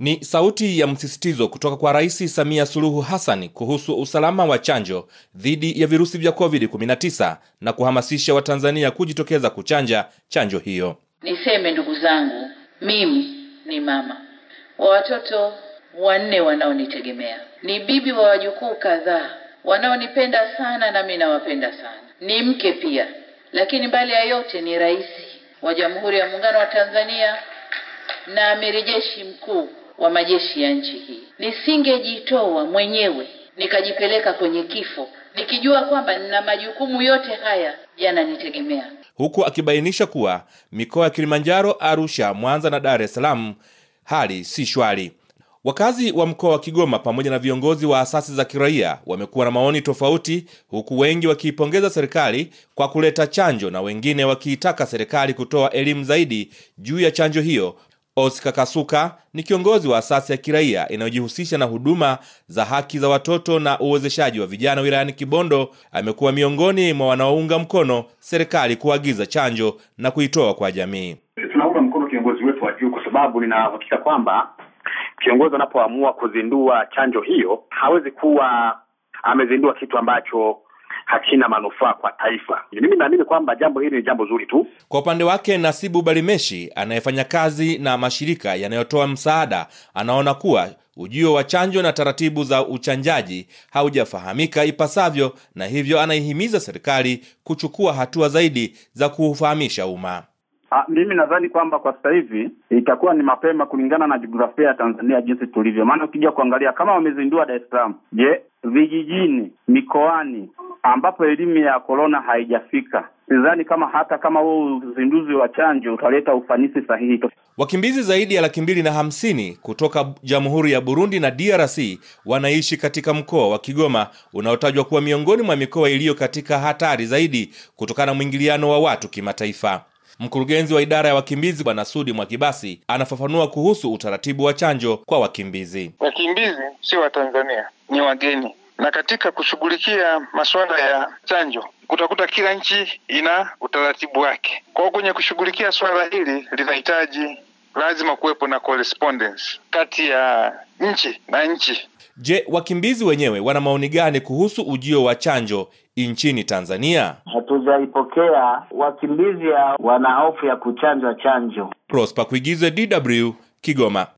Ni sauti ya msisitizo kutoka kwa Rais Samia Suluhu Hassan kuhusu usalama wa chanjo dhidi ya virusi vya COVID-19 na kuhamasisha Watanzania kujitokeza kuchanja chanjo hiyo. Niseme ndugu zangu, mimi ni mama wa watoto wanne wanaonitegemea, ni bibi wa wajukuu kadhaa wanaonipenda sana na mi nawapenda sana, ni mke pia, lakini mbali ya yote ni rais wa Jamhuri ya Muungano wa Tanzania na amiri jeshi mkuu wa majeshi ya nchi hii. Nisingejitoa mwenyewe nikajipeleka kwenye kifo nikijua kwamba nina majukumu yote haya yananitegemea. Huku akibainisha kuwa mikoa ya Kilimanjaro, Arusha, Mwanza na Dar es Salaam hali si shwari. Wakazi wa mkoa wa Kigoma pamoja na viongozi wa asasi za kiraia wamekuwa na maoni tofauti, huku wengi wakiipongeza serikali kwa kuleta chanjo na wengine wakiitaka serikali kutoa elimu zaidi juu ya chanjo hiyo Oscar Kasuka ni kiongozi wa asasi ya kiraia inayojihusisha na huduma za haki za watoto na uwezeshaji wa vijana wilayani Kibondo. Amekuwa miongoni mwa wanaounga mkono serikali kuagiza chanjo na kuitoa kwa jamii. Tunaunga mkono kiongozi wetu wa juu, kwa sababu ninahakika kwamba kiongozi anapoamua kuzindua chanjo hiyo hawezi kuwa amezindua kitu ambacho hakina manufaa kwa taifa. Mimi naamini kwamba jambo hili ni jambo zuri tu. Kwa upande wake, Nasibu Balimeshi anayefanya kazi na mashirika yanayotoa msaada anaona kuwa ujio wa chanjo na taratibu za uchanjaji haujafahamika ipasavyo, na hivyo anaihimiza serikali kuchukua hatua zaidi za kuufahamisha umma. Ha, ah, mimi nadhani kwamba kwa sasa hivi itakuwa ni mapema kulingana na jiografia ya Tanzania jinsi tulivyo, maana ukija kuangalia kama wamezindua Dar es Salaam, je, vijijini, mikoani ambapo elimu ya korona haijafika. Sidhani kama hata kama huo uzinduzi wa chanjo utaleta ufanisi sahihi. Wakimbizi zaidi ya laki mbili na hamsini kutoka Jamhuri ya Burundi na DRC wanaishi katika mkoa wa Kigoma unaotajwa kuwa miongoni mwa mikoa iliyo katika hatari zaidi kutokana na mwingiliano wa watu kimataifa. Mkurugenzi wa idara ya wakimbizi Bwana Sudi Mwakibasi anafafanua kuhusu utaratibu wa chanjo kwa wakimbizi. Wakimbizi si Watanzania, ni wageni na katika kushughulikia masuala ya chanjo, utakuta kila nchi ina utaratibu wake. Kwa hiyo kwenye kushughulikia swala hili linahitaji lazima kuwepo na correspondence kati ya nchi na nchi. Je, wakimbizi wenyewe wana maoni gani kuhusu ujio wa chanjo nchini Tanzania? Hatujaipokea, wakimbizi wana hofu ya kuchanjwa chanjo. Prosper Kuigizwe, DW, Kigoma.